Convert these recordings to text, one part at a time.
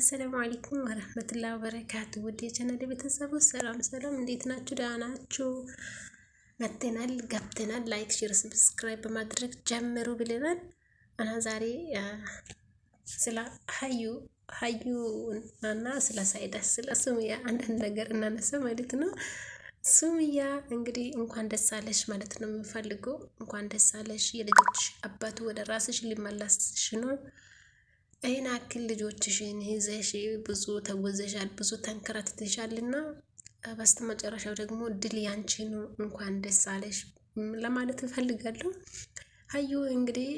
አሰላሙ አለይኩም ወረህመቱላሂ ወበረካቱ። ውድ የቻናል ቤተሰቦች ሰላም ሰላም፣ እንዴት ናችሁ? ደህና ናችሁ? መጥተናል ገብተናል። ላይክ፣ ሼር፣ ሰብስክራይብ በማድረግ ጀምሩ ብለናል እና ዛሬ ስለ ሀዩ ሀዩ እና ስለ ሳይዳ ስለ ሱምያ አንዳንድ ነገር እናነሳ ማለት ነው። ሱምያ እንግዲህ እንኳን ደስ አለሽ ማለት ነው የምፈልገው። እንኳን ደስ አለሽ፣ የልጆች አባቱ ወደ ራስሽ ሊመለስሽ ነው ይህን አክል ልጆችሽን ይዘሽ ብዙ ተጎዘሻል፣ ብዙ ተንከራትተሻልና በስተ መጨረሻው ደግሞ ድል ያንቺ ነው፣ እንኳን ደስ አለሽ ለማለት እፈልጋለሁ። ሀዩ እንግዲህ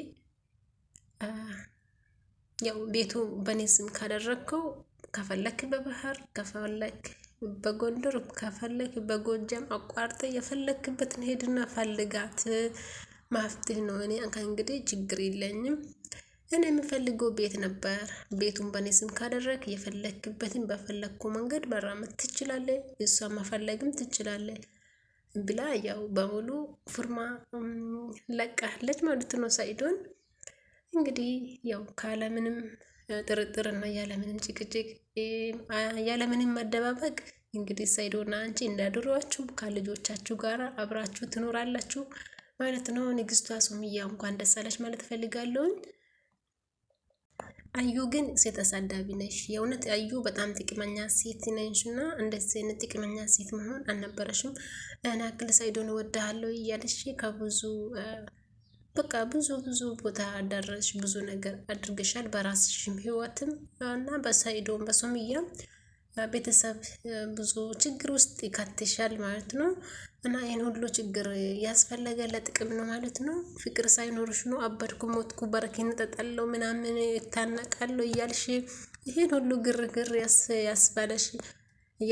ያው ቤቱ በእኔ ስም ካደረግከው ከፈለክ በባህር ከፈለክ በጎንደር ከፈለክ በጎጃም አቋርጠ የፈለክበትን ሄድና ፈልጋት ማፍትህ ነው። እኔ እንግዲህ ችግር የለኝም እኔ የምፈልገው ቤት ነበር። ቤቱን በእኔ ስም ካደረግ የፈለግክበትን በፈለግኩ መንገድ መራመድ ትችላለህ፣ እሷ መፈለግም ትችላለህ ብላ ያው በሙሉ ፊርማ ለቃለች ማለት ነው። ሳይዶን እንግዲህ ያው ካለምንም ጥርጥር እና ያለምንም ጭቅጭቅ ያለምንም መደባበቅ እንግዲህ ሳይዶና አንቺ እንዳድሯችሁ ከልጆቻችሁ ጋር አብራችሁ ትኖራላችሁ ማለት ነው። ንግስቷ ሱምያ እንኳን ደስ አለሽ ማለት ፈልጋለሁኝ። አዩ ግን ሴት አሳዳቢ ነሽ። የእውነት አዩ በጣም ጥቅመኛ ሴት ነሽ እና እንደዚህ አይነት ጥቅመኛ ሴት መሆን አልነበረሽም። ናክል ሳይዶን ወዳሃለሁ እያለሽ ከብዙ በቃ ብዙ ብዙ ቦታ አዳረሽ። ብዙ ነገር አድርገሻል በራስሽም ህይወትም እና በሳይዶን በሱም ቤተሰብ ብዙ ችግር ውስጥ ይካትሻል ማለት ነው። እና ይህን ሁሉ ችግር ያስፈለገ ለጥቅም ነው ማለት ነው። ፍቅር ሳይኖርሽ ነው አበድኩ፣ ሞትኩ፣ በረኪ ጠጣለሁ፣ ምናምን ይታነቃለሁ እያልሽ ይህን ሁሉ ግርግር ያስባለሽ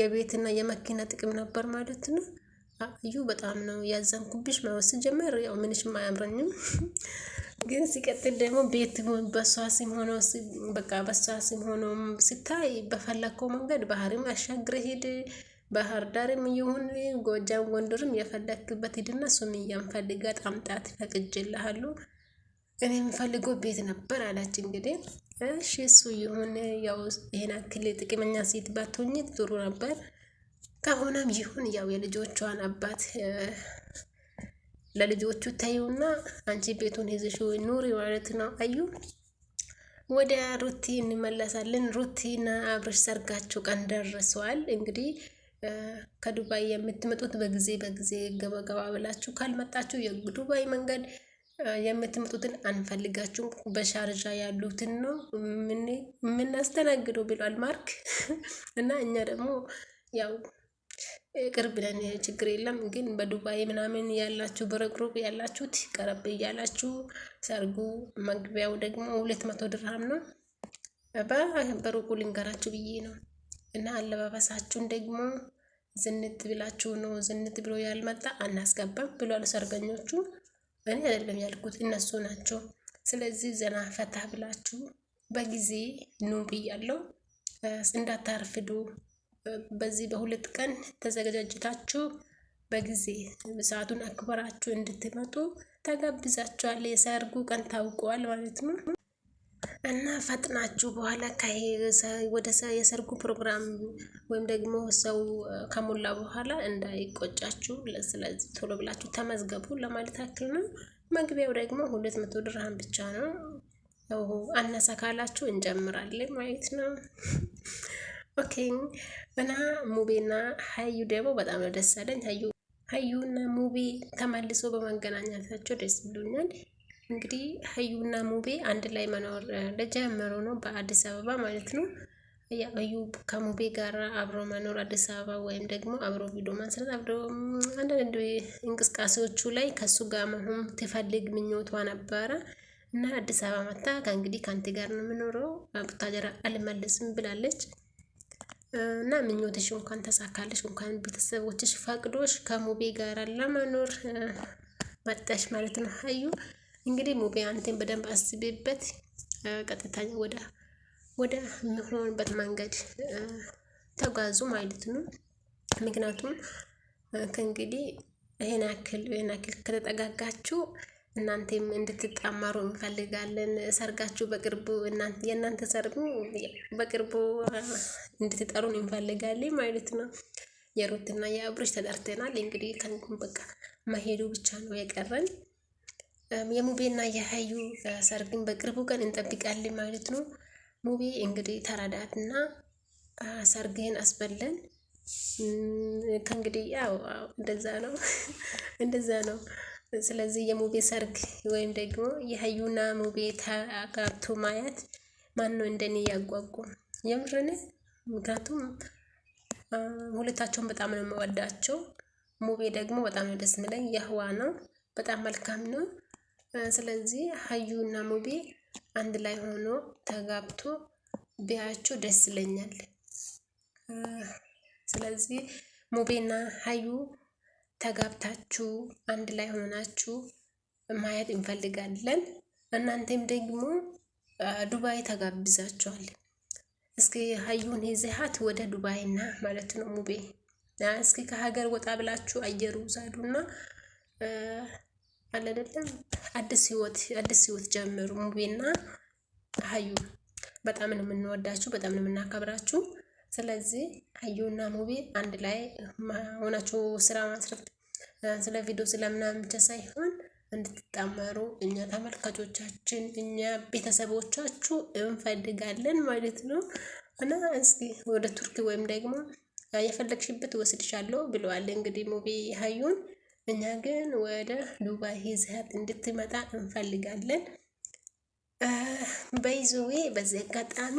የቤትና የመኪና ጥቅም ነበር ማለት ነው። እዩ በጣም ነው ያዘንኩብሽ። መወስ ጀመር ያው ምንሽም አያምረኝም። ግን ሲቀጥል ደግሞ ቤት በሷ ስም ሆኖ በቃ በሷ ስም ሆኖ ስታይ በፈለግከው መንገድ ባህርም አሻግረ ሂድ፣ ባህር ዳርም ይሁን ጎጃም፣ ጎንደርም የፈለግክበት ሂድና ሱምያን ፈልጋት አምጣት ፈቅጅልሃሉ። እኔ የምፈልገው ቤት ነበር አላች። እንግዲህ እሺ እሱ ይሁን። ያው ይሄን አክል ጥቅመኛ ሴት ባትሆኝ ጥሩ ነበር። ከሆነም ይሁን ያው የልጆቿን አባት ለልጆቹ ተዩና አንቺ ቤቱን ይዘሽ ኑሪ ማለት ነው። አዩ ወደ ሩቲ እንመለሳለን። ሩቲና አብርሽ ሰርጋቸው ቀን ደርሰዋል። እንግዲህ ከዱባይ የምትመጡት በጊዜ በጊዜ ገባገባ ብላችሁ ካልመጣችሁ የዱባይ መንገድ የምትመጡትን አንፈልጋችሁም፣ በሻርጃ ያሉትን ነው የምናስተናግደው ብሏል ማርክ እና እኛ ደግሞ ያው ቅርብ ብለን ችግር የለም ግን በዱባይ ምናምን ያላችሁ በረግሩብ ያላችሁት ቀረብ እያላችሁ ሰርጉ መግቢያው ደግሞ ሁለት መቶ ድርሃም ነው። በሩቁ ልንገራችሁ ብዬ ነው። እና አለባበሳችሁን ደግሞ ዝንት ብላችሁ ነው። ዝንት ብሎ ያልመጣ አናስገባም ብሏል ሰርገኞቹ። እኔ አይደለም ያልኩት እነሱ ናቸው። ስለዚህ ዘና ፈታ ብላችሁ በጊዜ ኑ ብያለሁ። እንዳታርፍዱ በዚህ በሁለት ቀን ተዘጋጅታችሁ በጊዜ ሰዓቱን አክብራችሁ እንድትመጡ ተጋብዛችኋል። የሰርጉ ቀን ታውቀዋል ማለት ነው እና ፈጥናችሁ በኋላ ወደ የሰርጉ ፕሮግራም ወይም ደግሞ ሰው ከሞላ በኋላ እንዳይቆጫችሁ፣ ስለዚህ ቶሎ ብላችሁ ተመዝገቡ ለማለት ያክል ነው። መግቢያው ደግሞ ሁለት መቶ ድርሃም ብቻ ነው። አነሳ ካላችሁ እንጨምራለን ማለት ነው። ኦኬ እና ሙቤና ሀዩ ደግሞ በጣም ነው ደስ አለኝ። ሀዩና ሙቤ ተመልሶ በመገናኘታቸው ደስ ብሎኛል። እንግዲህ ሀዩና ሙቤ አንድ ላይ መኖር ለጀመሩ ነው በአዲስ አበባ ማለት ነው። ያዩ ከሙቤ ጋር አብሮ መኖር አዲስ አበባ ወይም ደግሞ አብሮ ቪዲዮ ማንስረት አብሮ አንዳንድ እንቅስቃሴዎቹ ላይ ከሱ ጋር መሆን ትፈልግ ምኞቷ ነበረ እና አዲስ አበባ መታ ከእንግዲህ ከአንቲ ጋር ነው የምኖረው ቡታጀራ አልመለስም ብላለች። እና ምኞትሽ እንኳን ተሳካለሽ፣ እንኳን ቤተሰቦችሽ ፈቅዶሽ ከሙቤ ጋር ለመኖር መጣሽ ማለት ነው። ሀዩ እንግዲህ ሙቤ አንተን በደንብ አስቤበት ቀጥታ ወደ ወደ ምሆንበት መንገድ ተጓዙ ማለት ነው። ምክንያቱም ከእንግዲህ ይሄን ያክል ይሄን ያክል ከተጠጋጋችሁ እናንተም እንድትጣመሩ እንፈልጋለን። ሰርጋችሁ በቅርቡ የእናንተ ሰርጉ በቅርቡ እንድትጠሩን እንፈልጋለን ማለት ነው። የሩትና የአብሮች ተጠርተናል። እንግዲህ ከንኩም በቃ መሄዱ ብቻ ነው የቀረን። የሙቤና የሀዩ ሰርግን በቅርቡ ቀን እንጠብቃለን ማለት ነው። ሙቤ እንግዲህ ተረዳትና ሰርግህን አስበለን። ከእንግዲህ ያው እንደዛ ነው፣ እንደዛ ነው። ስለዚህ የሙቤ ሰርግ ወይም ደግሞ የሀዩና ሙቤ ተጋብቶ ማየት ማን ነው እንደኔ እያጓጉ የምርን። ምክንያቱም ሁለታቸውን በጣም ነው የምወዳቸው። ሙቤ ደግሞ በጣም ነው ደስ የሚለኝ። የህዋ ነው በጣም መልካም ነው። ስለዚህ ሀዩና ሙቤ አንድ ላይ ሆኖ ተጋብቶ ቢያቸው ደስ ይለኛል። ስለዚህ ሙቤና ሀዩ ተጋብታችሁ አንድ ላይ ሆናችሁ ማየት እንፈልጋለን። እናንተም ደግሞ ዱባይ ተጋብዛችኋል። እስኪ ሀዩን ይዘሃት ወደ ዱባይና ማለት ነው ሙቤ እስኪ ከሀገር ወጣ ብላችሁ አየሩ ዛዱና አለደለም አዲስ ህይወት አዲስ ህይወት ጀምሩ። ሙቤና ሀዩ በጣም ነው የምንወዳችሁ፣ በጣም ነው የምናከብራችሁ። ስለዚህ ሀዩና ሙቤ አንድ ላይ ሆናችሁ ስራ ማስረፍ ስለ ቪዲዮ ስለምናምን ብቻ ሳይሆን እንድትጣመሩ እኛ ተመልካቾቻችን እኛ ቤተሰቦቻችሁ እንፈልጋለን ማለት ነው። እና እስኪ ወደ ቱርክ ወይም ደግሞ የፈለግሽበት ወስድሻለሁ ብለዋል። እንግዲህ ሙቢ ሀዩን እኛ ግን ወደ ዱባይ ይዘሃት እንድትመጣ እንፈልጋለን። በይዞዌ በዚህ አጋጣሚ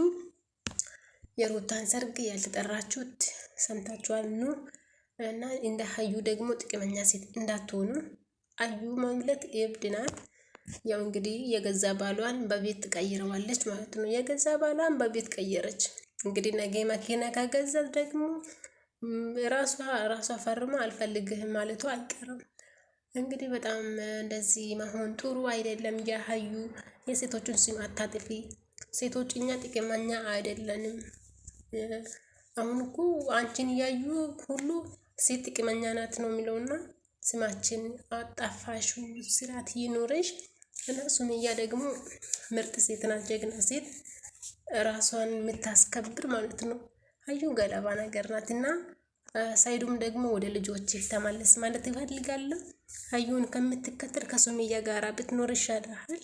የሩታን ሰርግ ያልተጠራችሁት ሰምታችኋል ነው እና እንደ ሀዩ ደግሞ ጥቅመኛ ሴት እንዳትሆኑ። አዩ ማለት እብድ ናት። ያው እንግዲህ የገዛ ባሏን በቤት ትቀይረዋለች ማለት ነው። የገዛ ባሏን በቤት ቀየረች። እንግዲህ ነገ መኪና ከገዛ ደግሞ ራሷ ራሷ ፈርማ አልፈልግህም ማለቱ አይቀርም። እንግዲህ በጣም እንደዚህ መሆን ጥሩ አይደለም። የሀዩ የሴቶችን ስም አታጥፊ። ሴቶች እኛ ጥቅመኛ አይደለንም። አሁን እኮ አንቺን እያዩ ሁሉ ሴት ጥቅመኛ ናት ነው የሚለውና ስማችን አጣፋሹ ስራት ይኖረሽ እና ሱሜያ ደግሞ ምርጥ ሴት ናት፣ ጀግና ሴት ራሷን የምታስከብር ማለት ነው። አዩ ገለባ ነገር ናት እና ሳይዱም ደግሞ ወደ ልጆች ተመለስ ማለት ይፈልጋለሁ። አዩን ከምትከተል ከሱሜያ ጋራ ብትኖር ይሻላል።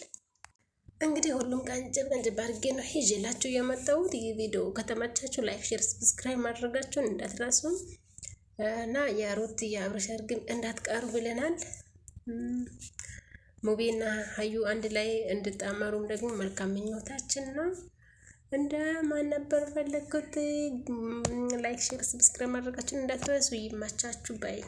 እንግዲህ ሁሉም ቀንጭብ ቀንጭብ አድርጌ ነው ይዤላችሁ የመጣሁት። ይህ ቪዲዮ ከተመቻችሁ ላይክ፣ ሼር፣ ሰብስክራይብ ማድረጋችሁን እንዳትረሱም። እና የሩት የአብርሽ ግን እንዳትቀሩ ብለናል። ሙቤና ሀዩ አንድ ላይ እንድጣመሩም ደግሞ መልካም ምኞታችን ነው። እንደ ማን ነበር ፈለግኩት። ላይክ፣ ሼር፣ ሰብስክራይብ ማድረጋችን እንዳትረሱ። ይማቻችሁ ባይ